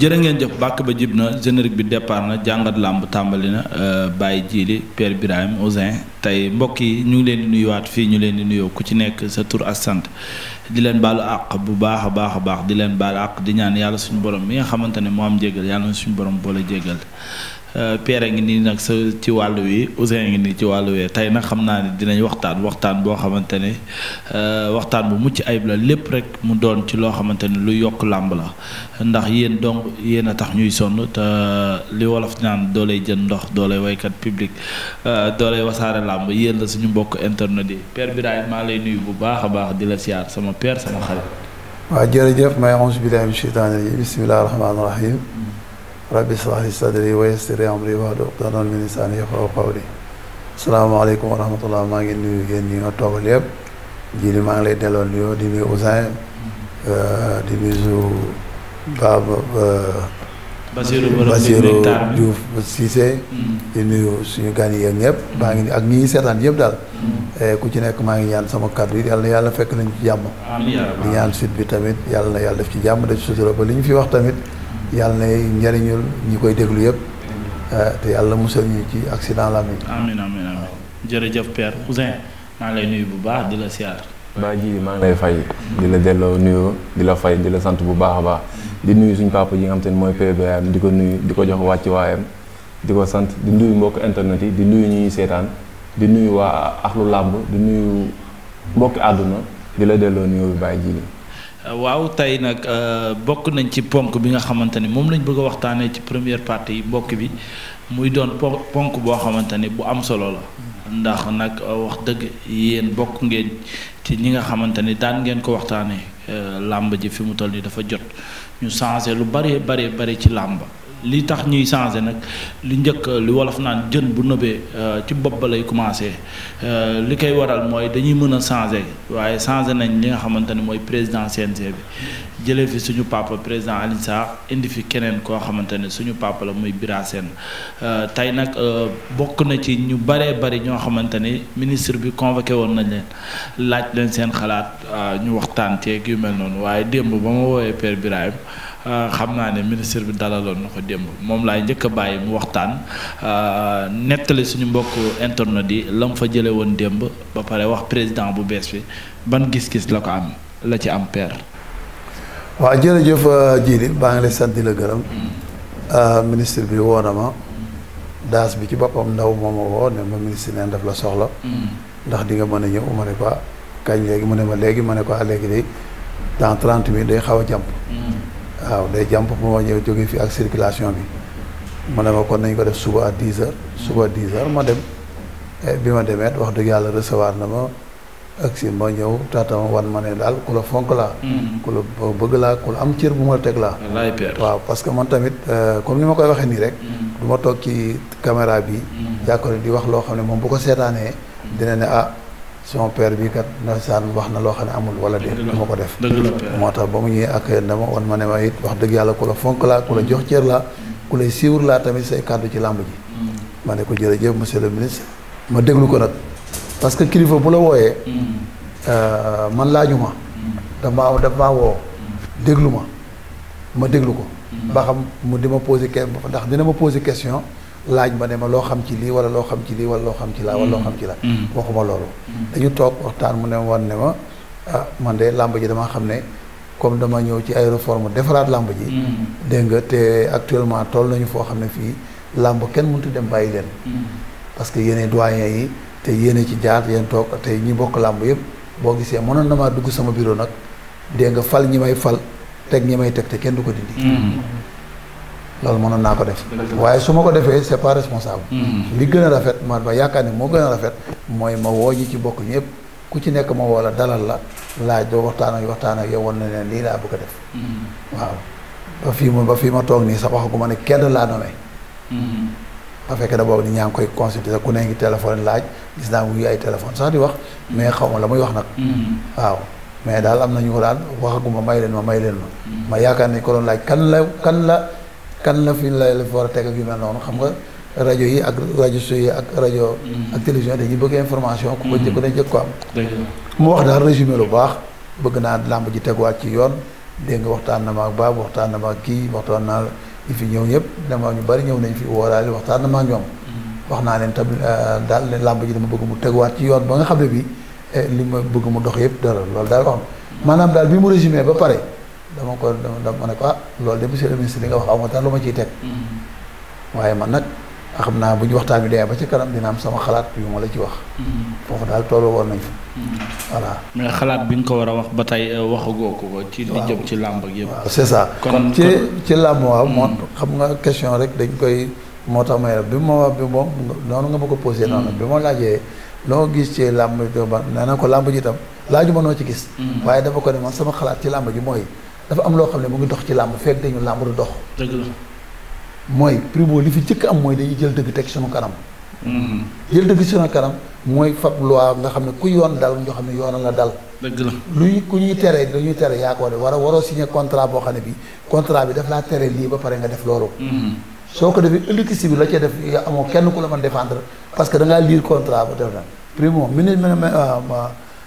jërë ngeen jëf bàkk ba jib na générique bi départ na jàngat làmb tàmbali na euh, Baye Djili Père Birahim Ousin tey mbokk yi ñu ngi leen di nuyoowaat fii ñu leen di nuyoo ku ci nekk sa tur ak sant di leen baalu àq bu baax a baax a baax di leen baalu àq di ñaan yàlla suñu borom mi nga xamante ne moo am jégal yàlla suñu borom boole jégal Euh, Pierre ngi nii nag sa ci wàll wi Ousseyn ngi nii ci wàll wi tey nag xam naa ne dinañ waxtaan waxtaan boo xamante ne euh, waxtaan bu mucc ayib la lépp rek mu doon ci loo xamante ne lu yokk làmb la ndax yéen donc yéen a tax ñuy sonn te euh, li wolof naan doolay jën ndox doolay waykat public doolay wasaare làmb yéen la suñu mbokk internet yi Père Birahim maa lay nuyu bu baax a baax di la siyaar sama père sama xarit. waaw jërëjëf may auzu billaahi mina sheytaani rabbi shrah li sadri wa yassir amri wahlul uqdatan min lisani maa ngi nuyu yéen ñi nga toogal yépp ji li maa ngi lay delloo nuyoo di nuyu Ousseyn euh, di nuyu Baba Basirou Basirou Diouf Cissé di nuyu suñu gan yi ak ñëpp maa ngi ak ñi seetaan yëpp daal eh, ku ci nekk maa ngi ñaan sama kàddu yi yàlla yàlla fekk nañ ci jàmm di ñaan sud bi tamit yàlla na yàlla def ci jàmm def ci ba li ñu fi wax tamit yàlla na njëriñul ñi koy déglu yëpp eh, te yàlla musal ñu ci accident la amin amin amin amin jërëjëf Père Ouzin maa ngi lay nuyu bu baax di la siyaar baa ji maa ngi lay fay di la delloo nuyoo di la fay di la sant bu baax a baax di nuyu suñ papa ji nga xam te ne mooy PBM di ko nuyu di ko jox wàcc waayam di ko sant di nuyu mbokk internet yi di nuyu ñuy seetaan di nuyu waa axlu làmb di nuyu mbokki àdduna di la delloo nuyu bi bàyyi ji Euh, waaw tey nag euh, bokk nañ ci ponk bi nga xamante ni moom lañ bëgg a waxtaanee ci première partie mbokk bi muy doon ponk boo xamante ni bu am solo la. ndax nag euh, wax dëgg yéen bokk ngeen ci ñi nga xamante ni daan ngeen ko waxtaanee làmb ji fi mu toll nii dafa jot ñu changé lu bari bari bari ci làmb. li tax ñuy changé nag lu njëkk lu wolof naan jën bu nëbee euh, ci bopp ba lay commencé euh, li koy waral mooy dañuy mën a changé waaye changé nañ li nga xamante ne mooy président CNG bi jële fi suñu papa président Alioune Sarr indi fi keneen koo xamante ne suñu papa la muy Bira Sène euh, tey nag bokk na ci ñu baree bari ñoo xamante ni ministre bi convoqué woon nañ leen laaj leen seen xalaat ñu waxtaan ceeg yu mel noonu waaye démb ba ma woowee Père Birahim Euh, xam naa ne ministre bi dalaloon na ko démb moom laay njëkk a bàyyi mu waxtaan euh, nettali suñu mbokk internet yi la mu fa jële woon démb ba pare wax président bu bees bi ban gis-gis la ko am la ci am père waaw jërëjëf euh, Djily baa ngi lay sant di la gërëm mm. ministre bi woo na ma daas bi ci boppam ndaw moom a woo ne ma ministre neen daf la soxla mm. ndax di nga mën a ñëw ma ne ko ah, kañ léegi mu ne ma léegi ma ne ko a ah, léegi day dans trente minutes day xaw a jàmp mm. waaw day jàmp bu ma ñëw jóge fii ak circulation bi ma ne ma kon nañ ko def suba à dix heures suba dix heures ma dem eh, bi ma demee wax dëgg yàlla recevoir na ma ak si ma ñëw taatama wan ma ne daal ku la fonk laa mm-hmm. ku la bëgg laa ku la am cër bu ma teg laa waaw parce que man tamit euh, comme ni ma koy waxee nii rek mm-hmm. du ma toog ci caméra bi jàkkoore mm-hmm. di wax loo xam ne moom bu ko seetaanee dina ne ah son per bii kat ndeysaan wax na loo xam ne amul wala de dama ko def moo tax ba mu ñëwee ak dama wan ma ne ma it wax dëgg yàlla ku la fonk laa ku la jox cër laa ku lay siiwur laa tamit say kàddu ci làmb ji mm. ma ne ko jërëjëf monsieur le ministre ma déglu ko nag parce que kilifa bu la wooyee mm. euh, man laaju ma mm. dama daf maa woo déglu ma ma déglu ko ba xam mu di ma posé ndax dina ma question laaj ma ne ma loo xam ci lii wala loo xam ci lii wala loo xam ci laa wala loo xam ci laa mm-hmm. Mm-hmm. waxuma loolu dañu toog waxtaan mu ne ma wan ne ma ah man de làmb ji damaa xam ne comme dama ñëw ci ay defaraat làmb ji mm-hmm. dégg nga te actuellement tool nañu foo xam ne fii làmb kenn mënut dem bàyyi leen parce que yéene doyen yi te yéene ci jaar yéen toog te ñi bokk làmb yëpp boo gisee mënoon na maa dugg sama biro nag dégg nga fal ñi may fal teg ñi may teg te kenn du ko dindi loolu mënoon naa ko def waaye su ma ko defee c'est pas responsable hmm. li gën a rafet ma ma yaakaar ni moo gën a rafet mooy ma woo ñi ci bokk yëpp ku ci nekk ma woo la dalal la laaj doo waxtaan ak waxtaan ak yow wan na leen lii laa bëgg a def hmm. waaw ba fii ma ba fii ma toog nii sax waxaguma ne kenn laa nommé hmm. ba fekk da boobu ni ñaa ngi koy consulter ku ne ngi téléphone laaj gis naa mu ay téléphone sax di wax mais xaw ma la muy wax nag waaw mais daal am na ñu ko daal waxaguma may leen ma may leen ma ma yaakaar ne ko doon laaj kan la kan la kan la fi lay la fi war a teg ak mel noonu xam nga rajo yi ak rajo su ak rajo. ak télévision dañuy bëgg information. ku ko jëkk dañ jëkk ko am. mu wax daal résumé lu baax bëgg naa làmb ji teguwaat ci yoon dégg nga waxtaan na ma ak Baab waxtaan na ma ak kii waxtaan naa ñi fi ñëw ñëpp dama ñu bari ñëw nañ fi wooraale waxtaan na maa ñoom. Mm-hmm. wax naa leen tam euh, daal ne làmb ji dama bëgg mu teguwaat ci yoon ba nga xam ne bii eh, li ma bëgg mu dox yëpp dara loolu daal wax daal ba pare. dama ko dama ne ko ah loolu de monsieur le li nga wax amu daal lu ma ciy teg. Mm-hmm. waaye man nag xam naa bu ñu waxtaan bi dee ba ci kanam dina am sama xalaat yu ma la ci wax. Mm-hmm. foofu daal toolu woon nañ fa. Mm-hmm. voilà. mais xalaat bi nga ko war a wax ba tey euh, waxagoo ko ko. ci li ci làmb ak yëpp. waaw c'est kon ci ci làmb waaw moom xam nga question rek dañ koy moo tax may bi ma bi moom noonu nga ma ko posé noonu bi ma laajee. loo gis ci làmb ba nee na ko làmb ji itam laaju ma noo ci gis. waaye dafa ko ne man sama xalaat ci làmb ji mooy dafa am loo xam ne mu ngi dox ci làmb fekk dañu làmb du dox. dëgg la mooy Primo li fi njëkk am mooy dañuy jël dëgg teg sunu kanam. Mm-hmm. jël dëgg sunu kanam mooy fab loi nga xam ne ku yoon dal ñoo xam ne yoonal la dal. dëgg la luy ku ñuy tere dañuy tere yaa ko war war a waroo signé contrat boo xam ne bii contrat bi daf laa tere lii ba pare nga def loolu. Mm-hmm. soo ko defee ëllëg si bi la cee def amoo kenn ku la mën defendre parce que da ngaa lire contrat ba def na Primo mi ne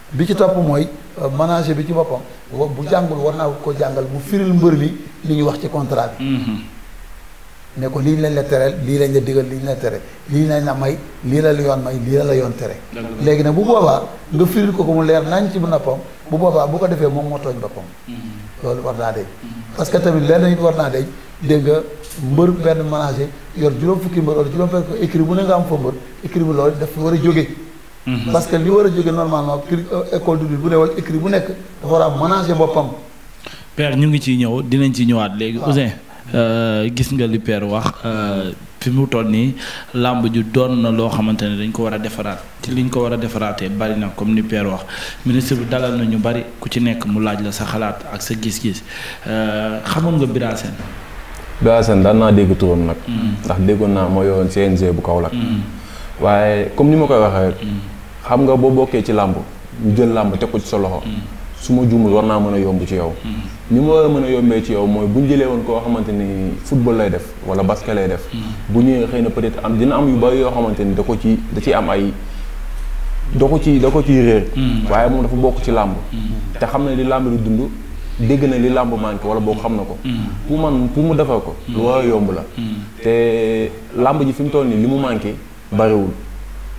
bi ci topp mooy. manager bi ci boppam bu jàngul war naa ko jàngal mu firil mbër bi li ñu wax ci contrat bi mhm. ne ko lii lañ la tereel lii lañ la digal lii la tere lii lañ la may lii la la yoon may lii la la yoon tere léegi nag bu boobaa nga firil ko ko mu leer nañ ci a noppam bu boobaa bu ko defee moom moo tooñ boppam mhm. loolu war naa deñ mhm. parce que tamit leen nit war naa deñ dégg nga mbër benn manager yor juróom fukki mbër wala juróom fukki écrit bu ne nga am fa mbër écrit bu loolu daf war a jóge Mhm. parce que li war a jóge normalement kii école du bu ne wala bu nekk dafa war a ménager ñu ngi ciy ñëw dinañ ci ñëwaat léegi Ouzin euh, gis nga li per wax euh, fi mu toll nii làmb ju doon na loo xamante ne dañ ko war a defaraat ci liñ ko war a defaraatee bari na comme ni père wax ministre bi dalal na ñu bari ku ci nekk mu laaj la sa xalaat ak sa gis-gis euh, xamoon nga Bira Sène. Bira Sène daan naa dégg turam nag. Mhm. ndax déggoon naa moo yoroon CNG bu Kaolack. Mhm. waaye comme ni ma koy waxee. xam nga boo bokkee ci làmb ñu jël làmb teg ko ci sa loxo. Mm-hmm. su ma juumul war naa mën a yomb ci yow. Mm-hmm. ni ma war a mën a yombee ci yow mooy bu ñu jëlee woon koo xamante ni football lay def wala basket lay def. Mm-hmm. bu ñëwee xëy na peut-être am dina am yu bari yoo xamante ni da ko ci da ci am ay. da ko ci da ko ciy réer. waaye moom dafa bokk ci làmb. te xam na li làmb di dund dégg na li làmb manqué wala boo xam na ko. pour man pour mu defar ko. lu war a yomb la. te làmb ji fi mu toll nii li mu manqué bariwul.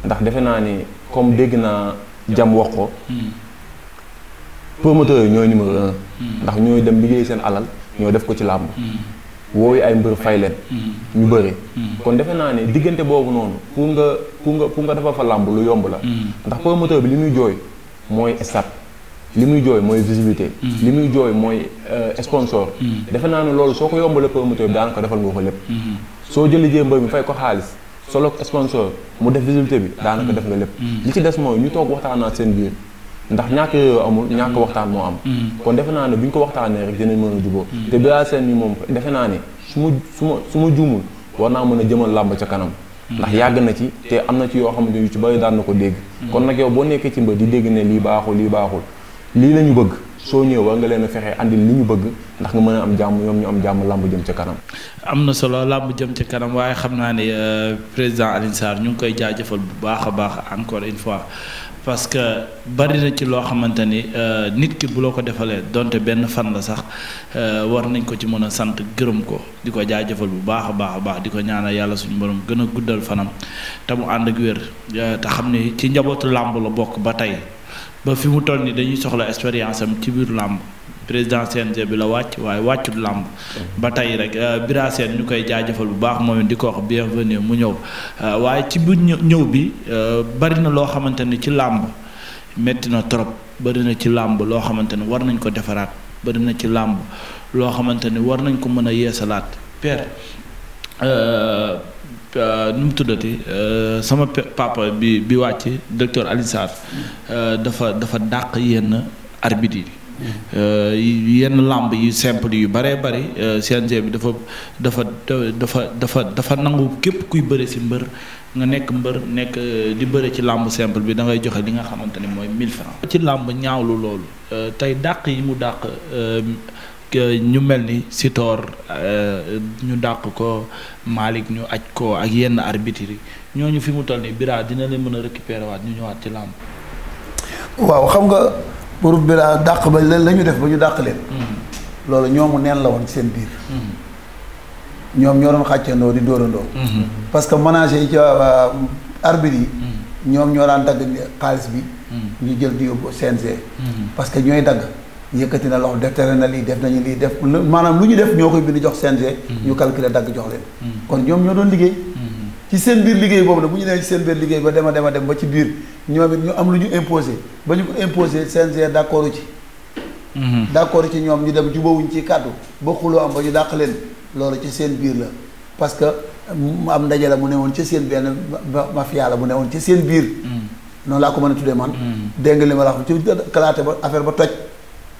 ndax defe naa ni comme dégg naa jam wax ko hmm. promoteurs yi ñooy numéro un hmm. ndax ñooy dem liggéey seen alal ñoo def ko ci làmb hmm. wooyu ay mbër fay leen ñu bëri kon defe naa ni diggante boobu noonu pour nga pour nga pour nga dafa fa làmb lu yomb la ndax promoteur bi li muy jooy mooy stade li muy jooy mooy visibilité li muy jooy mooy euh, sponsor defe naa ni loolu soo ko yombalee promoteur bi daanaka defal nga ko lépp soo jëlee jee mbër mi fay ko xaalis solo sponsor mu def visibilité bi daanaka def nga lépp mm. Mm. li ci des mooy ñu toog waxtaanaat seen biir ndax ñàkk yooyu amul ñàkk mm. waxtaan moo am kon defe naa ne bu ñu ko waxtaanee rek dinañ mën a jubóo te Bilal Sène mi moom defe naa ne su ma su ma su ma juumul war naa mën a jëmal làmb ca kanam ndax yàgg na ci te am na ci yoo xamante yu ci bëri daan na ko dégg kon nag yow boo nekkee ci mbër di dégg ne lii baaxul lii baaxul lii la ñu bëgg soo ñëwee war nga leen a fexe andi li ñu bëgg ndax nga mën a am jàmm ñoom ñu am jàmm làmb jëm ca kanam. am na solo làmb jëm ca kanam waaye xam naa ne euh, président Alioune ñu ngi koy jaajëfal bu baax a baax une fois. parce que bari na ci loo xamante ni euh, nit ki bu loo ko defalee donte benn fan la sax euh, war nañ ko ci mën a sant gërëm ko di ko jaajëfal bu baax a baax a baax di ko ñaanal yàlla suñu borom gën a guddal fanam te mu ànd ak wér te xam ni ci njabootu làmb la bokk ba tey ba fi mu toll ni dañuy soxla expérience am ci biir làmb président CNG bi la wàcc waaye wàccut làmb mm-hmm. ba tey rek euh, Bira Sène ñu koy jaajëfal bu baax moom di ko wax bienvenue mu ñëw euh, waaye ci biir ñëw bi euh, bari na loo xamante ni ci làmb métti na trop bari na ci làmb loo xamante ni war nañ ko defaraat bari na ci làmb loo xamante ni war nañ ko mën a yeesalaat père Euh, nu mu tuddate euh, sama papa bi bi wàcc docteur Alioune Sarr euh, dafa dafa dàq yenn arbitre yi yenn làmb yu simple yu bëree bëri CNG bi dafa dafa dafa dafa dafa nangu képp kuy bëre si mbër nga nekk mbër nekk di bëre ci làmb simple bi da ngay joxe li nga xamante ne mooy mille francs ci làmb ñaawlu loolu tey dàq yi mu dàq Euh, ñu mel ni Sitor euh, ñu dàq ko Malick ñu aj ko ak yenn arbitres yi ñooñu fi mu toll nii Bira dina leen mën a récupérer waat ñu ñëwaat ci làmb waaw xam nga pour Bira dàq ba la ñu def ba ñu dàq leen mm-hmm. loolu ñoomu neen la woon ci seen biir mm-hmm. ñoom ñoo doon xàccandoo di dóorandoo mm-hmm. parce que ménager yi ca euh, arbitre yi ñoom ñoo daan dagg xaalis bi ñu jël di yóbbu CNG parce que ñooy dagg yëkkati na loxo def tere na lii def nañu lii def maanaam lu ñu def ñoo koy bind jox CNG. Mm-hmm. ñu calculer dagg jox leen. Mm-hmm. kon ñoom ñoo doon liggéey. Mm-hmm. ci seen biir liggéey boobu nag bu ñu nee ci seen biir liggéey ba dema dema dem ba ci biir ñoom ñu am lu ñu imposé ba ñu ko imposé CNG d' accord ci. d' accord ci ñoom ñu dem jubawuñ ci kàddu ba am ba ñu dàq loolu ci seen biir la parce que mm, am ndaje la mu ne woon ci seen benn mafia la mu ne woon ci seen biir. noonu laa ko mën a tuddee man. dégg nga li ma la wax ci kalaate ba affaire ba toj.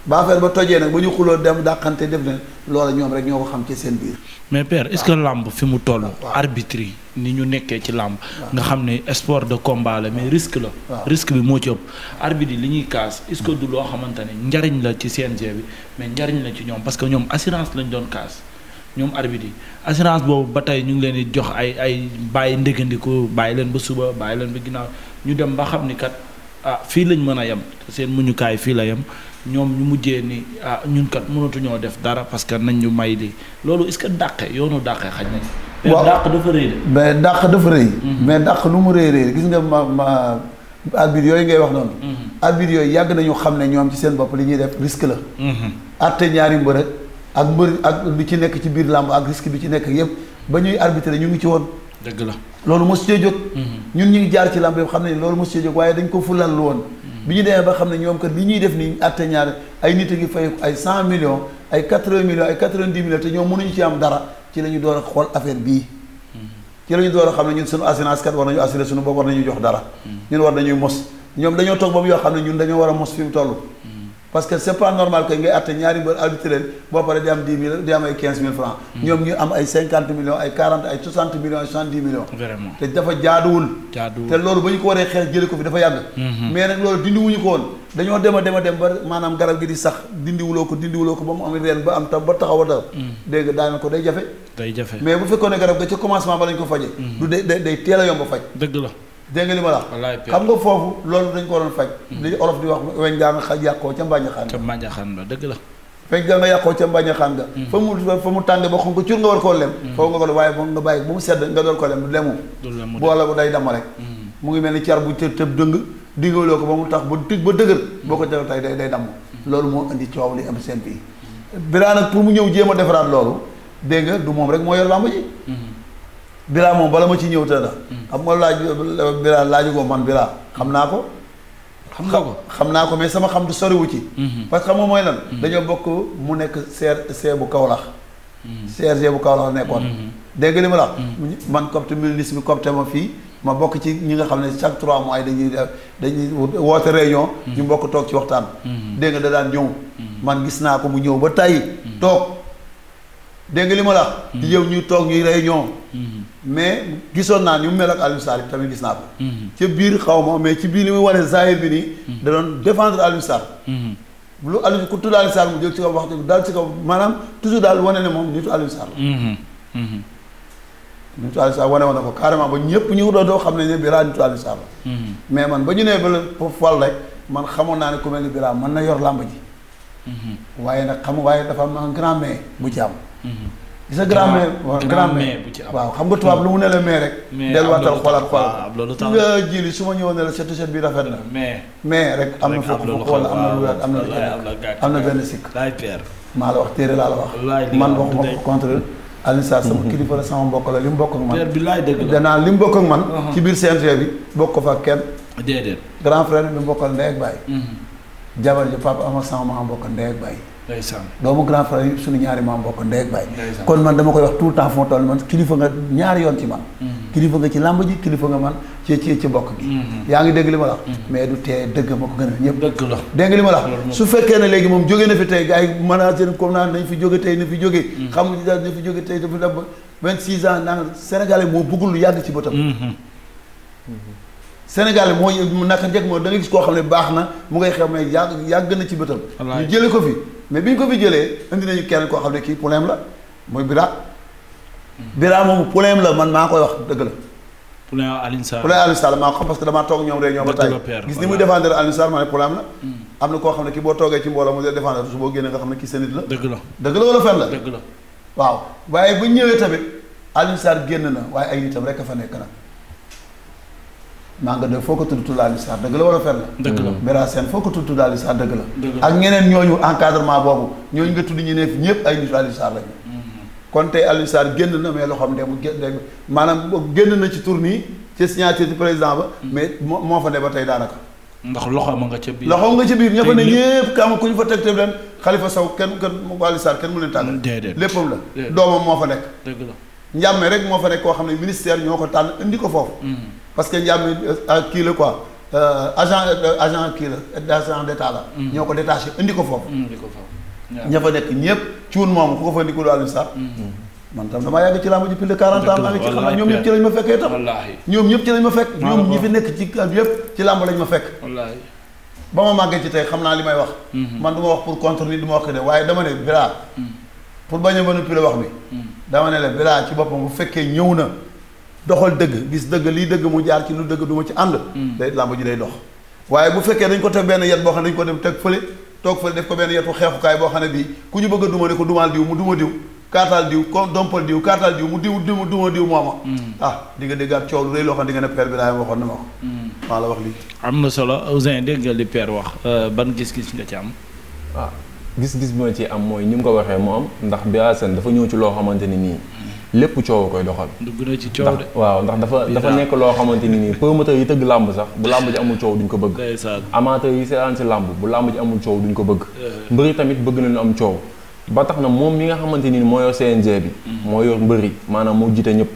ba affaire ba tojee nag ba ñu xuloo dem dàqante def ne loola ñoom rek ñoo ko xam ci seen biir. mais père est-ce que làmb fi mu toll. arbitre yi ni ñu nekkee ci làmb. nga xam ne sport de combat la mais risque la. risque bi moo ci ëpp. arbitre li ñuy kaas est-ce du loo xamante ne njariñ la ci seen CNG bi mais njariñ la ci ñoom parce que ñoom assurance lañ doon kaas. ñoom arbitre yi assurance boobu ba tey ñu ngi leen di jox ay ay bàyyi ndëggandiku bàyyi leen ba suba bàyyi leen ba ginnaaw ñu dem ba xam ni kat ah fii lañ mën a yem seen muñukaay fii la yem ñoom ñu mujjee ni ah ñun kat mënatuñoo def dara parce que nañ ñu may lii loolu est-ce que dàqe yoonu dàqe xaj nañ. waaw mais dafa rëy de. mais dàq dafa rëy. nu mm-hmm. mu rëy rëy gis nga ma ma yooyu ngay wax noonu. Mm-hmm. arbitre yooyu yàgg nañu xam ne ñoom ci seen bopp li ñuy def risque la. Mm-hmm. àtte ñaari mbër ak ak mbër ak li ci nekk ci biir làmb ak risque bi ci nekk yëpp ba ñuy arbitrer ñu ngi ci woon. dëgg la loolu mos cee jóg. ñun ñu ngi jaar ci làmb yëpp xam ne loolu mos cee jóg waaye dañ ko fulal lu bi ñu demee ba xam ne ñoom kat li ñuy def ni atte ñaar ay nit a ngi fay ay cent millions ay quatre-vingts millions ay quatre vingt te ñoom mënuñu ci am dara ci la ñu door a xool affaire bii ci la ñu door a xam ne ñun suñu assurance kat war nañu assuré suñu war nañu jox dara hmm. ñun war nañuy mos ñoom dañoo toog ba mu yoo xam ne ñun dañoo war a mos fi mu toll hmm. parce que c'est pas normal que ngay àtte ñaari mbër arbitre leen boo paree di am dix mille di am ay quinze mille francs hmm. ñoom ñu am ay cinquante millions ay quarante ay soixante millions ay soixante dix millions te dafa jaaduwul te loolu ba ñu ko waree xeex jële ko fi dafa yàgg hmm. mais nag loolu dindi ko woon dañoo dem a dem a dem ba maanaam garab gi di sax dindiwuloo ko dindiwuloo ko ba mu am reen ba am tam ba taxaw a dal hmm. dégg nga daaneel ko day jafe day jafe bu fekkoon ne garab ga a yomb faj dëgg la dégg nga li ma la wax xam nga foofu loolu dañ ko waroon faj hmm. li olof di wax weñ gaa nga yàqoo ca mbànjaxaan ca mbànjaxaan la dëgg la weñ gaa nga yàqoo ca mbànjaxaan nga hmm. fa mu fa mu tàng ba xam ko cur nga war koo lem hmm. foofu nga ko waaye moom nga bàyyi bu mu sedd nga door ko lem lemu boola bu day dama rek mu ngi mel ni car bu tëb tëb dëng dingaloo ko ba mu tax ba tig ba dëgër boo ko jël tey day day damm loolu moo indi coow li am seen bii Birane nag pour a defaraat loolu dégg nga du moom rek moo yor làmb ji Bira moom bala ma ci ñëw tëdd. Hmm. xam nga laaj Bira laaju ko man Bira xam naa ko. xam nga ko xam naa ko mais sama xam du soriwu ci. Hmm. parce que xam mooy lan. Hmm. dañoo bokk mu nekk CRC bu Kaolack. CRG bu Kaolack nekkoon. dégg nga li ma la man copte ministre bi copte ma fii ma bokk ci ñi nga xam ne chaque trois mois dañuy dañuy woote réunion. ñu bokk toog ci waxtaan. dégg da daan ñëw. man gis naa ko mu ñëw ba tàyyi toog dégg li ma la di yow ñuy toog ñuy réunion. mais gisoon naa ni mu mel ak Alioune Sarr bi tamit gis naa ko. Mhm. ca biir xaw ma mais ci biir li muy wane zahir bi nii. Mhm. da doon défendre Alioune Sarr. Mhm. lu Alioune ku tudd Alioune mu jóg ci kaw wax daal ci kaw maanaam toujours daal wane ne moom nitu Alioune Sarr la. nitu wane woon na ko carrément ba ñëpp ñu doon doo xam ne ne Bira nitu Alioune mais man ba ñu ne ba la fal rek man xamoon naa ne ku mel ni Bira mën na yor làmb waaye nag xam waaye dafa ma un grand mais ci am. gis nga grand mère waaw grand waaw xam nga tubaab lu mu ne la mais rek. mais delluwaatal xoolaat xoolaat ah, loolu tax nga jili su ma ñëwoon ne la sa bi rafet na. mais mais rek am na foofu foofu wala am na lu wér am na benn sikk. maa la wax téere laa la wax. man waxuma ko contre. Alioune Sarr sama kilifa la sama mbokk la li mu bokk ak man. peer bi laay dëgg la danaa li mu bokk ak man. Uh-huh. ci biir CNG bi bokk ko fa ak kenn. déedéet grand frère bi mu bokkal ndey ak baay. Mm-hmm. jabar ji papa am ak sama maa bokkal ndey ak doomu grand frère yi suñu ñaari maam bokk ndey ak kon man dama koy wax tout le temps fu ma toll man kilifa nga ñaari yoon ci man mm-hmm. kilifa nga ci làmb ji kilifa nga man ci ci bokk gi mm-hmm. yaa ngi dégg li ma la mm-hmm. mais du tee dëgg ma ko gën a ñëpp dëgg la dégg li ma la wax su fekkee ne léegi moom jóge na fi tey gars yi manager comme naan nañ fi jóge tey na fi jóge xam nga dañ fi jóge tey dafa dem vingt six ans naan sénégalais moo bëggul lu yàgg ci bëtam Sénégal mooy naka njëkk moo da nga gis koo xam ne baax na mu ngay xew mais yàgg yàgg na ci bëtam ñu jële ko fi mais bi ñu ko fi jëlee indi nañu kenn koo xam ne kii problème la mooy Bira. Bira moomu problème la man maa koy wax dëgg la. problème Alioune Sarr problème maa ko xam parce que damaa toog ñoom rek ñoom ba tey gis ni muy défendre Alioune la. Hmm. am na koo xam ne kii boo toogee ci mbooloo mu dee défendre su boo génnee nga xam ne kii sa nit la. dëgg la dëgg la wala fen la waaw waaye bu ñëwee tamit Alioune génn na waaye ay am rek a fa nekk na. Manga de foo ko tudd tudd Alioune Sarr dëgg la wala fen la. dëgg la mm. Bira Sène foo ko tudd tudd Alioune dëgg la. ak ñeneen ñooñu encadrement boobu ñooñu nga tudd ñu ne ñëpp ay nit Alioune lañu. Mm. kon tey Alioune Sarr génn na mais loxoom de mu génn maanaam génn na ci tournée ci signature du président ba. Mm. mais moo moo fa ne ba tey daanaka. ndax loxo ma nga ca biir. loxo nga ca biir ñëpp ne ñëpp kam ku ñu fa teg te leen Khalifa Sow kenn kenn Alioune Sarr kenn mu leen tànn. déedéet léppam la doomam moo fa nekk. dëgg la njàmme moo fa koo xam ne ministère ñoo ko tànn indi ko foofu parce que njàmbi euh, euh, kii la quoi euh, agent agent kii la agent d'état la. Mm. ñoo ko détaché indi ko foofu. Mm, indi ko foofu ña fa nekk ñëpp cuun moomu ko ko daal sax. man tam damaa yàgg ci làmb ji plus de 40 ans maa ngi ci xam ne ñoom ñëpp ci lañ ma fekkee itam ñoom ñëpp ci lañ ma fekk ñoom nekk ci yëpp ci làmb lañ ma fekk ba ma màggee ci tey xam naa li may wax mm-hmm. man du ma wax pour contre nit du ma wax de waaye dama ne Bira mm. pour bañ a manipulé wax mi dama ne la Bira ci boppam bu fekkee ñëw na doxal dëgg gis dëgg lii dëgg mu jaar ci lu dëgg du ma ci ànd. Hmm. day làmb ji day dox. waaye bu fekkee dañ ko teg benn yet boo xam ne dañ ko dem teg fële toog fële def ko benn yetu xeexukaay boo xam ne bii ku ñu bëgg a duma ko dumaal diw mu duma diw kaataal diw ko dompal diw kaataal diw mu diw diw duma diw mooma hmm. ah di nga déggaat coow lu rëy xam ne di nga ne père bi daay waxoon na ma hmm. la wax lii am na solo Ouzin dégg nga li père wax euh, ban gis-gis nga ci am waaw ah, gis-gis bi ma ci am mooy ni mu ko waxee moom ndax bi Assane dafa ñëw ci loo xamante ni nii lépp coow koy doxal. dugg na ci coow de. waaw ndax dafa dafa nekk loo xamante ni nii promoteur yi tëgg làmb sax bu làmb ji amul coow duñ ko bëgg. amateur yi seetaan si làmb bu làmb ji amul coow duñ ko bëgg. Eh. mbëri tamit bëgg nañu am coow. ba tax na moom mi nga xamante ni moo yor CNG bi. Mm. moo yor mbëri maanaam moo jiite ñëpp.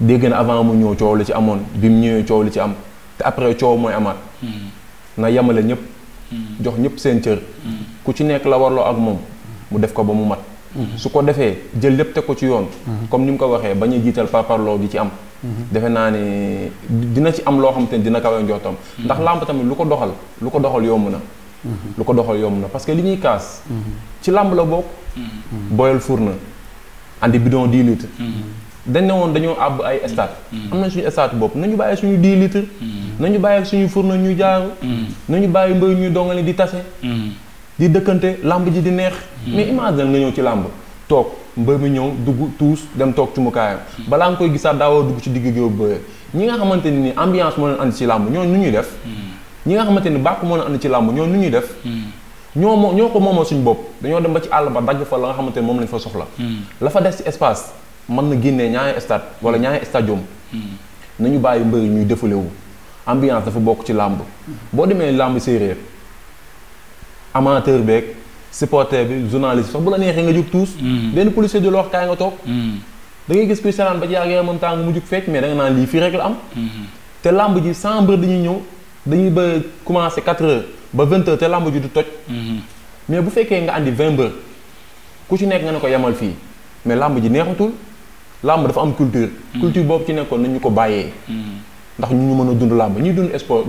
dégg na avant mu ñëw coow la ci amoon bi mu ñëwee coow la ci am te après coow mooy amaat. Mm. na yemale ñëpp. Mm. jox ñëpp seen cër. ku ci nekk la warloo ak moom mu def ko ba mu mat. Mm-hmm. su ko defee jël lépp teg ko ci yoon. Mm-hmm. comme ni mu ko waxee bañ a jiital parparloo gi ci am. Mm-hmm. defe naa ne dina ci am loo xam te ne dina kawe njortam. ndax làmb tamit lu ko doxal lu ko doxal yomb na. lu ko doxal yomb na parce que li ñuy kaas. ci làmb la bokk. boyal fourne andi bidon di litres. dañ ne woon dañoo àbb ay stade am na suñu stade bopp nañu bàyyi suñu di litres. nañu bàyyi suñu fourne ñu jaaru. nañu bàyyi mbéy ñuy dongale di tase. di dëkkante làmb ji di neex. Hmm. mais imagine nga ñëw ci làmb toog mbër mi ñëw dugg tuus dem toog ci mukaayam. Hmm. balaa nga koy gisaat daawoo dugg ci digg géew bëre ñi nga xamante ni ambiance moo leen andi ci làmb ñooñu ñuy def. Hmm. ñi nga xamante ni bàkk moo leen andi ci làmb ñooñu nu ñuy def. ñoo moo ñoo ko moomoo suñu bopp dañoo dem ba ci àll ba dagg fa la nga xamante ni moom lañ fa soxla. la fa des ci espace mën na génnee ñaari stade wala ñaari stadium. nañu bàyyi mbër ñuy défulé wu ambiance dafa bokk ci làmb. boo demee làmb séeréer amateur beeg supporter bi journaliste sax bu la neexee nga jóg tous. Mm. benn policier du la wax kaay nga toog. Mm. da ngay gis kuy seetaan ba ci yàgg yaramam tàng mu jóg fecc mais da nga naan lii fii rek la am. Mm-hmm. te làmb ji 100 dañuy ñëw dañuy ba commencé 4 heures ba 20 heures te làmb ji du toj. Mm-hmm. mais bu fekkee nga andi 20 ku ci nekk nga ne ko yemal fii mais làmb ji neexatul làmb dafa am culture. Mm. culture boobu ci nekkoon nañu ko bàyyee. Mm-hmm. ndax ñu ñu mën a dund làmb ñuy dund sport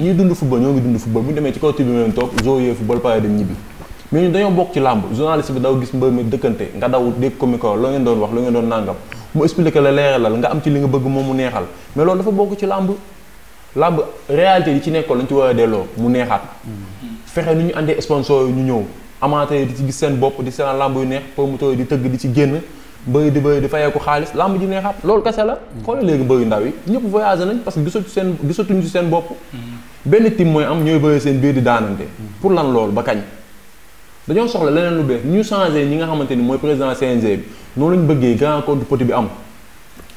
ñuy dund football ñoo ngi ñu demee ci kaw tribune leen toog jouer football pare dem ñibbi mais ñu dañoo bokk ci làmb journaliste bi daw gis mbër mi dëkkante nga nga am ci li nga bëgg moom mu neexal mais loolu dafa bokk ci làmb yi ci nekkoon lañ ci war a delloo mu neexaat fexe nu ñu àndee sponsor yi ñu ñëw amateur di ci gis seen bopp di seen làmb yu neex mu yi di tëgg di ci génn mbëy di bër bëy di fayeeku xaalis lamb ji neexaat loolu kese la mm. xoolal léegi mbëyu ndaw yi ñëpp voyagé nañ parce que gisatu seen gisatuñ si seen bopp mm. benn tim mooy am ñooy bëyee seen biir di daanante mm. pour lan loolu ba kañ dañoo soxla leneen lu bees ñu changé ñi nga xamante ni mooy président CNG bi noonu lañ bëggee grand compte petit bi am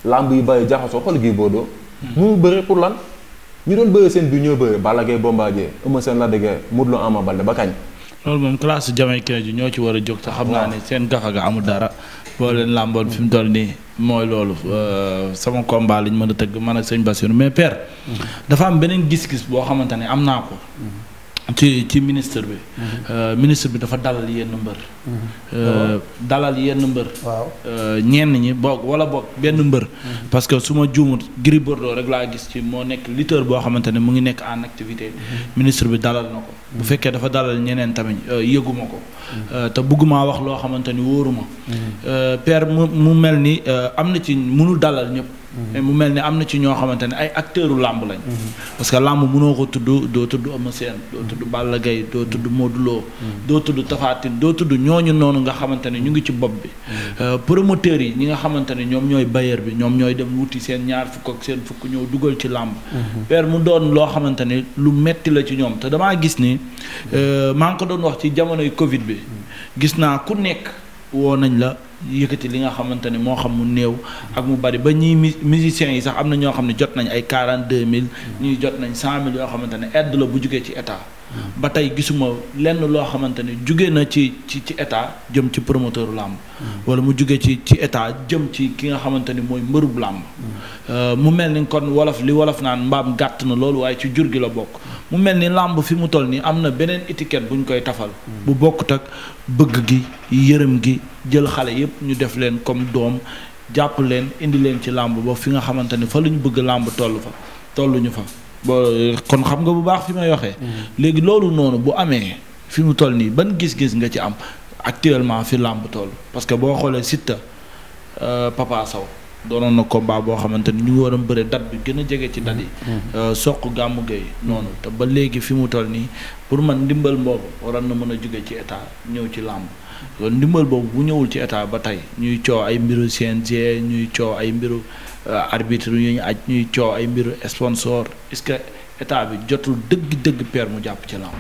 lamb yi bàyyi jaxasoo xool gii boodoo mu bëri pour lan ñu doon bëyee seen biir ñooy bëyee Balla Gaye Bombardier Eumeu Sène Lac de Guiers Modou Lo Ama Baldé ba loolu moom classe jamaïcain ji ñoo ci war a jóg sa xam naa ne seen gafaga amul dara boo leen làmboon fi mu toll nii mooy loolu euh, sama combat lañ mën a tëgg man a sëñ Bassirou mais per mm-hmm. dafa am beneen gis-gis boo xamante ne am naa ko mm-hmm. ci ci ministre bi. Mhm. Euh, ministre bi dafa dalal yenn mbër. Mhm. Euh, oh. dalal yenn mbër. waaw euh, ñenn ñi boog wala boog benn mbër. Mhm. parce que su ma juumut Gris Bordeaux rek laa gis ci moo nekk lutteur boo xamante ne mu ngi nekk en activité. ministre bi dalal na ko. bu fekkee dafa dalal ñeneen tamit yëguma ko. te buggumaa wax loo xamante ni wóoruma. père mu mu mel ni am na ci mënul dalal ñëpp. mais mhm. mu mel ni am na ci ñoo xamante ne ay acteuru làmb lañ. Mhm. parce que làmb munoo ko tudd doo tudd Eumeu Sène doo tudd Balla Gaye doo tudd Modou Lo. Mhm. doo tudd Tapha Tine doo tudd ñooñu noonu nga xamante ne ñu ngi ci bopp bi. Euh, promoteurs yi ñi nga xamante ne ñoom ñooy bailleur bi ñoom ñooy dem wuti seen ñaar fukk ak seen fukk ñëw dugal ci làmb. père mu doon loo xamante ne lu metti la ci ñoom te damaa gis ni euh, maa ngi ko doon wax ci jamonoy Covid bi. gis naa ku nekk woo nañ la. yëkkati li nga xamante ni moo xam mu néew ak mu bari ba ñii musiciens yi sax am na ñoo xam ne jot nañ ay quarante deux mille ñii jot nañ cent mille yoo xamante ne aide la bu jugee ci état ba tey gisuma lenn loo xamante ne jugee na ci ci ci état jëm ci promoteur làmb wala mu jóge ci ci état jëm ci ki nga xamante ni mooy mbërub làmb euh, mu mel ni kon wolof li wolof naan mbaam gàtt na loolu waaye ci jur gi la bokk mu mel ni làmb fi mu toll nii am na beneen étiquette bu ñu koy tafal bu bokkut ak bëgg gi yërëm gi jël xale yépp ñu def leen comme doom jàpp leen indi leen ci làmb boo fi nga xamante ni fa lu ñu bëgg làmb toll fa tolluñu fa kon xam nga bu baax fi ma waxee. Mm-hmm. léegi loolu noonu bu amee fi mu toll nii ban gis-gis nga ci am actuellement fi làmb toll parce que boo xoolee Siteu euh, Papa Sow doonoon na combat boo xamante ni ñu war a bëre bi gën a jege ci date yi. soq gàmmu gay noonu te ba léegi fi mu toll nii pour man ndimbal boobu waroon na mën a jóge ci état ñëw ci làmb kon ndimbal boobu bu ñëwul ci état ba tey ñuy coow ay mbiru CNG ñuy coo ay mbiru. Euh, arbitre yu ñu aj ñuy coow ay mbiru sponsor est-ce que état bi jotul dëgg-dëgg per mu jàpp ci lamb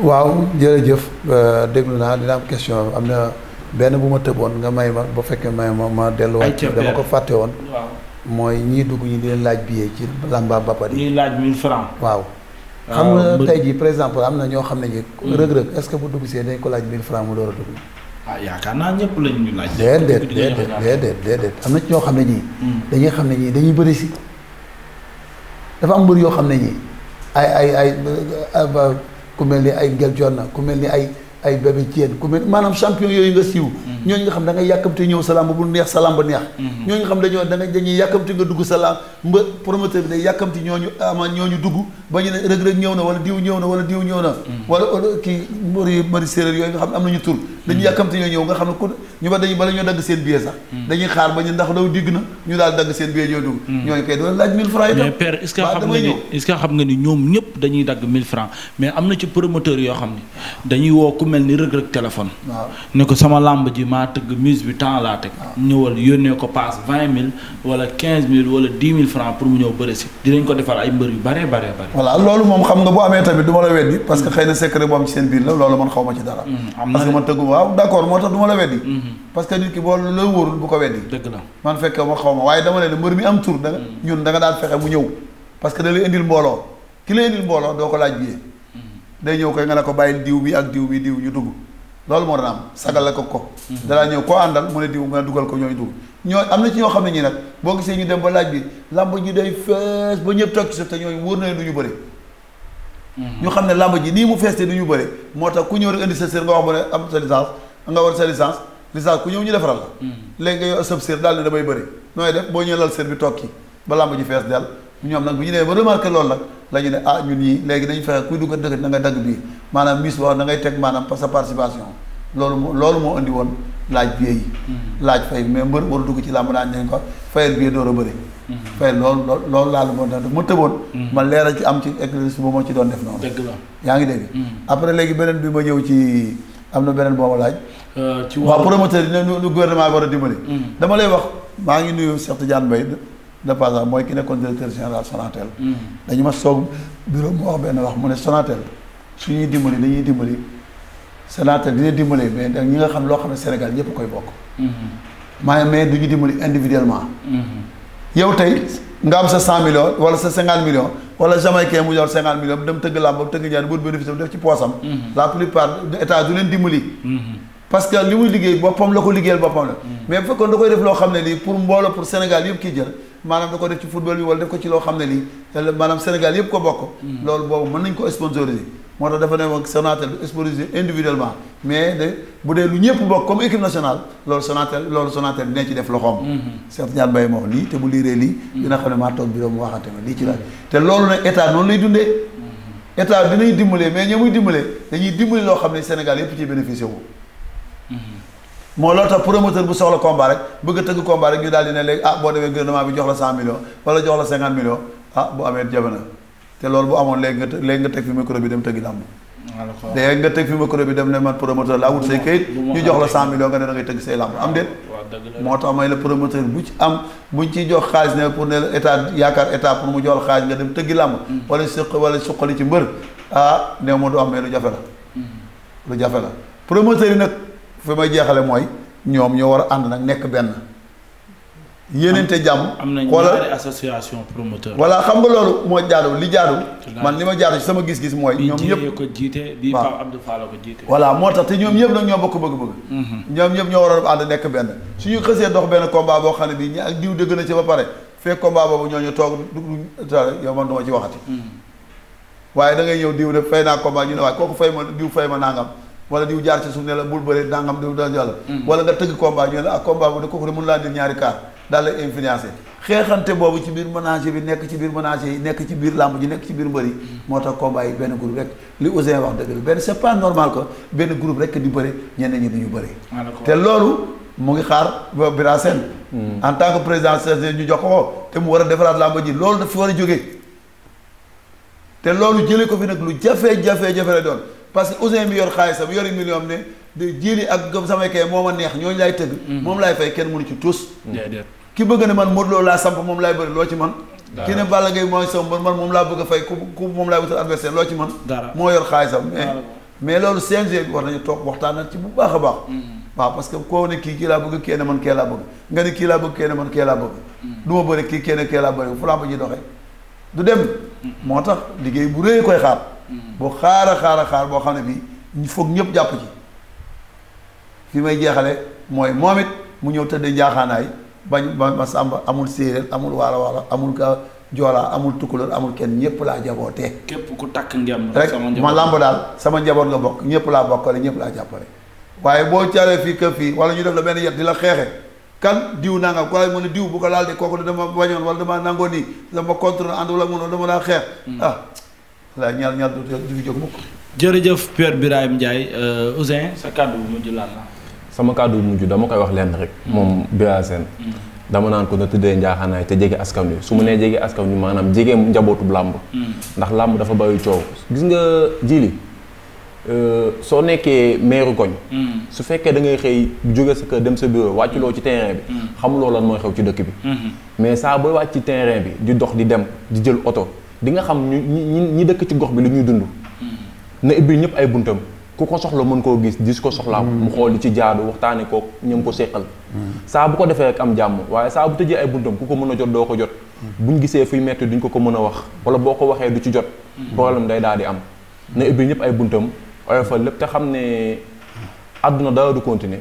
waaw jërëjëf euh, déglu naa dina am question am na benn bu ma tëboon nga may ma ba fekkee may ma ma delluwaat dama ko fàtte woon mooy ñii dugg ñi di leen laaj billet ci lamba bappa di laaj mille francs waaw euh, xam nga tey jii par exemple am na ñoo xam ne ñi hmm. rëg-rëg est-ce que bu dugg see dañ ko laaj mille francs mu door a dugg ah yaakaar naa ñëpp lañ ñu laaj. am na ñoo xam ne ñii. dañuy xam ne ñii dañuy bëri si. dafa am mbër yoo xam ne ñii ay ay ay ku mel ni ay Ngel Jonna ku mel ni ay ay Bébé Diène ku mel maanaam champion yooyu nga siiw. ñooñu nga xam da ngay yàkkamte ñëw sa lamb bu neex sa lamb neex ñooñu nga xam ne na wala diw na wala diw ñëw na wala mhm. kii mbëri mhm. dañuy dagg mhm. na ñu daal dagg seen billet ñoo dugg ñooñu koy doon laaj mille francs mais père est-ce xam nga ni ñoom ñëpp dañuy dagg mille francs mais am na ci promoteur yoo xam ne dañuy woo ku mel ni Reug Reug téléphone ne ko sama lamb ji maa tëgg muse bi temps laa teg ñëwal yónnee ko paas vingt mille wala quinze mille wala dix mille francs pour mu ñëw bëre dinañ ko defal ay mbër yu bare bare bare voilà loolu moom xam nga bu amee tamit du la weddi parce xëy na secret bu ci seen biir la loolu man xaw ci dara mm-hmm. parce que man waaw d' accord moo tax du ma la weddi mm-hmm. parce que nit ki boo la wóorul bu ko weddi dëgg la man fekkee ma xaw ma waaye dama ne mbër mi am tur da mm-hmm. ñun da dugg loolu moo daan am sagal la ko ko dalaa ñëw koo àndal mu ne diw nga dugal ko ñooy dugg ñoo am na ci ñoo xam ne ñi nag boo gisee ñu dem ba laaj bi làmb ji day fees ba ñëpp toog ci suuf te ñooy na du ñu bëri mhm. ñu xam ne làmb ji nii mu fees te ñu bëri moo tax ku ñëw indi sa séer nga wax mu ne am sa licence nga war sa licence licence ku ñëw ñu defaral la mhm. léegi ngay yow sëb séer ne damay bëri nooy def boo ñëwee lal séer bi toog ki ba làmb ji fees del ñoom nag bu ñu nee ba remarqué loolu nag la ñu ne ah ñun ñii léegi dañu fexe kuy dugg dëkk na nga dagg bii maanaam mise boo da ngay teg maanaam sa participation loolu moo indiwoon moo indi laaj biee yi mm-hmm. laaj fay mais mbër war dugg ci làmb daan nañ ko fayal biee door a bëri mm-hmm. fay loolu loolu laalu moo tax ma tëboon mm-hmm. ma leeral ci am ci éclairci bu ma ci doon def noonu dëgg la yaa ngi dégg après léegi beneen bi ma ñëw ci am na beneen booba laaj euh, waaw promoteur yi ne lu gouvernement bi war a dimbali dama lay wax maa ngi nuyu Cheikh Tidiane Mbaye de passage mooy ki nekkoon directeur général Sonatel. Mm-hmm. dañu ma soog bureau mu wax benn wax mu ne Sonatel su ñuy dimbali dañuy dimbali Sonatel dina dimbali mais da ñi nga xam loo xam ne Sénégal ñëpp koy bokk. Mm-hmm. maa mais du ñu dimbali individuellement. Mm-hmm. yow tey nga am sa cent millions wala sa cinquante millions wala jamaïcain mu yor cinquante millions dem tëgg làmb ba tëgg ñaan bu def ci poosam. la plupart état du leen dimbali. parce que li muy liggéey boppam la ko liggéeyal boppam la. mais bu fekkoon da koy def loo xam ne lii pour mbooloo pour Sénégal yëpp kii jël. maanaam da ko def ci football bi wala def ko ci loo xam ne lii maanaam Sénégal ko bokk hmm. loolu boobu mën nañ ko sponsoriser moo tax dafa ne woon Sonatel sponsoriser mais de bu lu ñëpp bokk comme équipe nationale loolu loolu Sonatel dina ci def loxoom hmm. Cheikh Tidiane Mbaye moo lii te bu liiree lii hmm. dina xam ne maa toog bureau mu waxante ma lii ci la te loolu nag état noonu lay dundee état dinañ dimbalee mais ñoo muy dimbalee dañuy dimbale loo xam ne Sénégal yëpp ci bénéficié wu moo loolu tax promoteur bu soxla combat rek bëgg a tëgg combat rek ñu daal di ne léegi ah boo demee gouvernement bi jox la cent millions wala jox la cinquante millions ah bu amee jafe na te loolu bu amoon léegi nga léegi nga teg fi micro bi dem tëggi làmb léegi nga teg fi micro bi dem ne man promoteur la wut say kayit ñu jox la cent millions nga ne da ngay tëgg say làmb am déet moo tax may la promoteur bu ci am buñ ciy jox xaalis ne pour ne la état yaakaar état pour mu jox la xaalis nga dem tëggi làmb hmm. wala suq wala suqali ci mbër ah ne moo du am mais lu jafe la hmm. lu jafe la promoteur yi nag fi may jeexale mooy ñoom ñoo war a ànd nag nekk benn yéenente jàmm am na ñaari association promoteur voilà xam nga loolu moo jaadu li jaadu man li ma jaadu sama gis-gis mooy ñoom ñëpp ko jiite bi Pape Abdou Fall ko jiite voilà moo tax te ñoom ñëpp nag ñoo bokk bëgg-bëgg mhm. ñoom ñëpp ñoo war a ànd nekk benn su ñu xësee dox benn combat boo xam ne bii ña ak diw dëgg na ci ba pare fekk combat boobu ñoo ñu toog du tare yow man duma ci waxati mhm. waaye da ngay ñëw diw de fay naa combat ñu ne waaye kooku fay ma diw fay ma nangam wala diw jaar ci suuf ne la bul bëre dangam diw da jàll mm. wala nga tëgg combat ñu ne la ak ah, combat bu da kooku de mën laa dir ñaari kaar daal lay influencé xeexante boobu ci biir ménager bi nekk ci biir ménager yi nekk ci biir làmb ji nekk ci biir mbëri moo tax combat yi benn groupe rek li Ousin wax dëgg la benn c'est pas normal que benn groupe rek di bëre ñeneen ñi duñu bëre ah, te loolu mu ngi xaar Bira Sène mm. en tant que président CNG ñu jox ko te mu war a defaraat làmb ji loolu daf fi a jógee loolu jëlee ko fi nag lu jafe-jafe-jafe la parce que Ousseyn bi yor xaalisam yori million ne de jiili ak gëm samay kay moo ma neex ñooñu laay tëgg. Mm-hmm. moom laay fay kenn mënu ci tous. ki bëgg ne man Modou Lo laa samp moom laay bëri loo ci man ki moom laa bëgg moom laay wutal loo ci man moo yor xaalisam mais mais loolu CNG bi war nañu toog waxtaanal ci bu baax a baax mm-hmm. waaw parce que koo ne kii kii laa bëgg kii ne man kee laa bëgg nga ne kii laa bëgg kii ne man kee laa bëgg mm-hmm. du bëri kii kii kee laa bëri fu laa ji doxee du dem moo tax liggéey bu rëy koy xaar Mm. boo xaar xaara xaar boo xam ne bi foog ñëpp jàpp ci fi may jeexale mooy moom it mu ñëw tëddee njaaxaanaay bañ ba ma sàmba amul séeréer amul waalo waala amul ka joolaa amul tukkulóor amul kenn ñëpp laa jabootee. képp ku takk ngem rek ma làmb daal sama njaboot nga bokk ñëpp laa bokkale ñëpp laa jàppale. waaye boo caree fii kër fii wala ñu def la benn yet di la xeexe kan diw naa ko ku lay mën a diw bu ko laal de kooku dama bañoon wala dama nangoo nii dama contre ànd wala mënoon dama daa xeex mm. ah, laa ñaar ñaar dootu du fi jërëjëf Pierre Birahim Ndiaye euh, Ouzin sa kàddu bu mujj lan la sama kàddu bu mujj dama koy wax lenn rek mm. moom Bira Sène mm. dama naan ko na tëddee njaaxaanaay te jege askan wi su ma nee jege askan wi maanaam jege njabootu làmb mm. ndax làmb dafa bari coow gis nga jili euh, soo nekkee meeru koñ su fekkee da ngay xëy jóge sa kër dem sa bureau wàcculoo ci terrain bi xamuloo lan mooy xew ci dëkk bi mm-hmm. mais saa ba wàcc ci terrain bi di dox di dem di jël oto di nga xam ñu ñi ñi dëkk ci gox bi lu ñuy dund. na ubbi ñëpp ay buntam ku ko soxla mën koo gis gis ko soxlaa. Mm. mu xool li ci jaadu waxtaanee ko ñoom ngi ko seqal. Mm. saa bu ko defee rek am jàmm waaye saa bu tëjee ay buntam ku ko mën a jot doo ko jot. Mm. bu ñu gisee fuy metti duñ ko ko mën a wax wala boo ko waxee du ci jot. problème day daal di am. na ubbi ñëpp ay buntam oyofal lépp te xam ne àdduna dara du continuer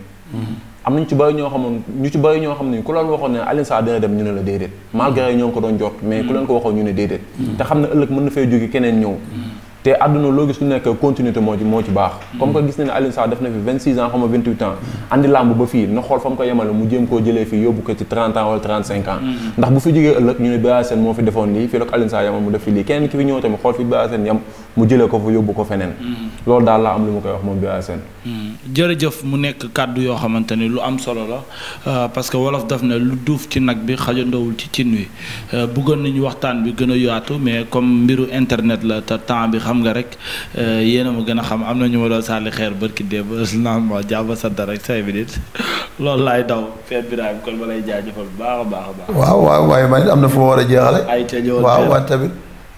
am nañu ci bëri ñoo xamoon ñu ci bëri ñoo xam ne ku leen waxoon ne Alioune Sarr dina dem ñu ne la déedéet malgré ñoo ko doon jot mais ku leen ko waxoon ñu ne déedéet mm. te xam ne ëllëg mën na fay jóge keneen ñëw mm. te àdduna loo gis lu nekk continuité moo ci moo ci baax comme que gis ne Alioune Sarr def na fi 26 ans xam nga 28 ans andi làmb ba fii na xool fa ko yemale mu jéem koo jëlee fii yóbbu ko ci 30 ans wala 35 ans mm-hmm. ndax bu fi jógee ëllëg ñu mu def fi lii keneen ki ñëw tamit xool fi Bira Sène yem mu jëlee ko fa yóbbu ko feneen mm-hmm. loolu daal laa am lu ma koy wax moom Bira Sène mm-hmm. jërëjëf mu nekk kàddu yoo xamante ni lu am solo la euh, parce que ne euh, a yaatu xam nga rek euh, yéen a ma gën a xam am na ñu ma doon sàlli xeer barki démb naan ma jàpp sant rek cinq minutes loolu laay daw Père Birahim kon ma lay jaajëfal bu baax a baax a baax. waaw waaye man am na fu war a jeexale. waaw waaw tamit.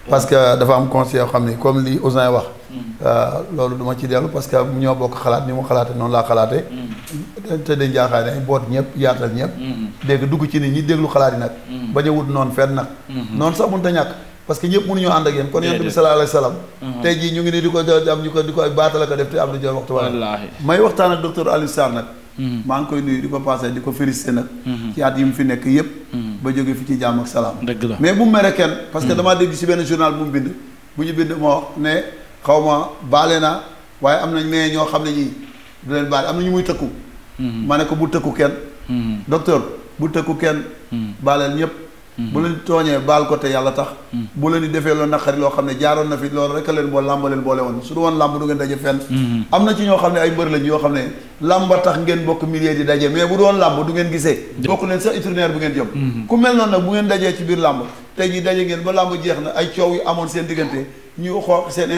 parce dafa am conseil yoo xam ni comme li Ousin wax. Mm. Euh, loolu duma ci dellu parce que ñoo bokk xalaat ni mu xalaate noonu laa xalaate mm. te dañ jaaxaane ay boot ñëpp yaatal ñëpp. Mm. dégg dugg ci nit ñi déglu xalaat yi nag. bañ a wut noonu mm-hmm. a parce que ñëpp mënuñoo ànd ak yéen kon yonent bi sallallahu alayhi wasallam mm-hmm. tey jii ñu ngi ne di ko am ñu ko di ko baatala ko def te am na waxtu wala may waxtaan ak docteur Alioune nag mm-hmm. maa ngi koy nuyu di ko passé di ko félicité nag mm-hmm. ci yi mu fi nekk yépp ba jóge fi ci jàmm ak salaam la mais bu mu mere kenn parce que damaa dégg ci benn journal bu mu bind bu ñu bind moo wax ne xaw ma baale naa waaye am nañ mais ñoo xam ne ñii du leen baale am na ñu muy tëkku ma ne ko bu tëkku kenn docteur bu tëkku kenn baaleel ñëpp Mm-hmm. bu leen tooñee baal ko te yàlla tax mm-hmm. bu leen defee loo naqari loo xam ne jaaroon na fi loolu rek a leen boo làmba boole woon su du làmb du ngeen daje fenn mm-hmm. am na ci ñoo xam ne ay mbër lañ ba làmb jeex na ay coow yu amoon seen ñoo xam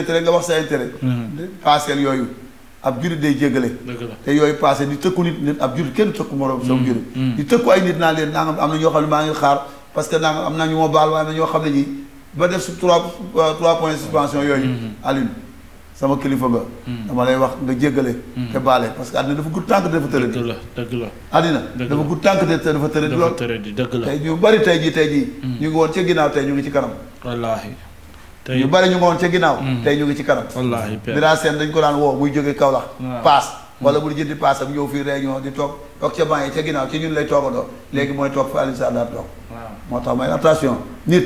ne maa ngi xaar parce que naa am na ñu ma baal waaye na ñoo xam ne ñi ba def su trois euh, trois points suspension yooyu mm-hmm. Alioune sama kilifa nga mm-hmm. dama lay wax nga jéggale mm-hmm. te baale parce que àddina dafa gudd tànk de tëre dëgg la dëgg la àddina dafa gudd tànk te dafa tëre lool dëgg la tey ñu bari tey jii tey jii ñu ngi woon ca ginnaaw tey ñu ngi ci kanam wallaahi ñu bari ñu woon ca ginnaaw tey ñu ngi ci kanam wallaahi Bira Sène dañ ko daan woo muy jógee Kaolack paas wala bu jëndi paasam ñëw fii réunion di toog toog ca banc yi ca ginnaaw ci ñun lay toogandoo léegi mooy toog fa Alioune Sarr daan toog moo tax may attention nit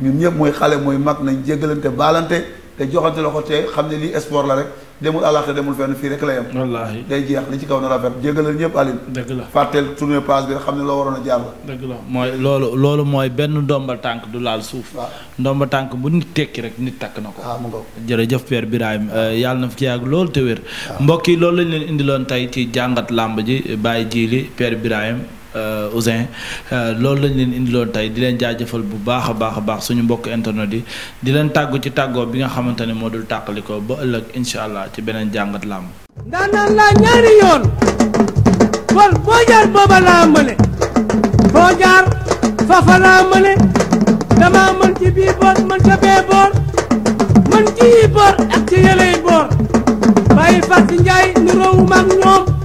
ñun ñëpp mooy xale mooy mag nañ jéggalante baalante te joxante loxo te xam ne lii sport la rek demul àllaxte demul fenn fii rek la yem wallaahi day jeex li ci kaw na rafet jégalal ñëpp Alioune dëgg la fàtteel tourné passe bi rek xam ne loo waroon a jaar la dëgg la mooy loolu loolu mooy benn ndomba tànk du laal suuf waaw ndomba tànk bu nit tekki rek nit takk na ko waaw ah, mu ngo jërëjëf Père Birahim euh, yàlla na fi ci yàgg loolu te wér ah. mbokk yi loolu lañ leen indiloon tey ci jàngat làmb ji bàyyi jiili Père Birahim Euh, Ousin euh, loolu lañ leen indiloon tey di leen jaajëfal bu baax a baax a baax suñu mbokk internet yi di leen tàggu ci tàggoo bi nga xamante ne moo dul tàqalikoo ba ëllëg incha allah ci beneen jàngat làmb ndaanaan laa ñaari yoon kon boo jaar booba laa mëne boo jaar fafa laa mëne dama mën ci bii boor mën ca bee boor mën ci boor ak ci yëley boor bàyyi fas njaay nu ñoom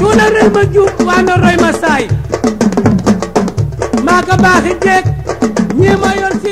cuuna rëy ma juum waa na roy ma saay maa ko baaxi jeeg ñii